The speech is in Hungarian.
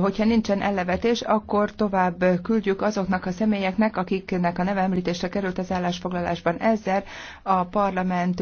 hogyha nincsen ellevetés, akkor tovább küldjük azoknak a személyeknek, akiknek a neve említésre került az állásfoglalásban. Ezzel a parlament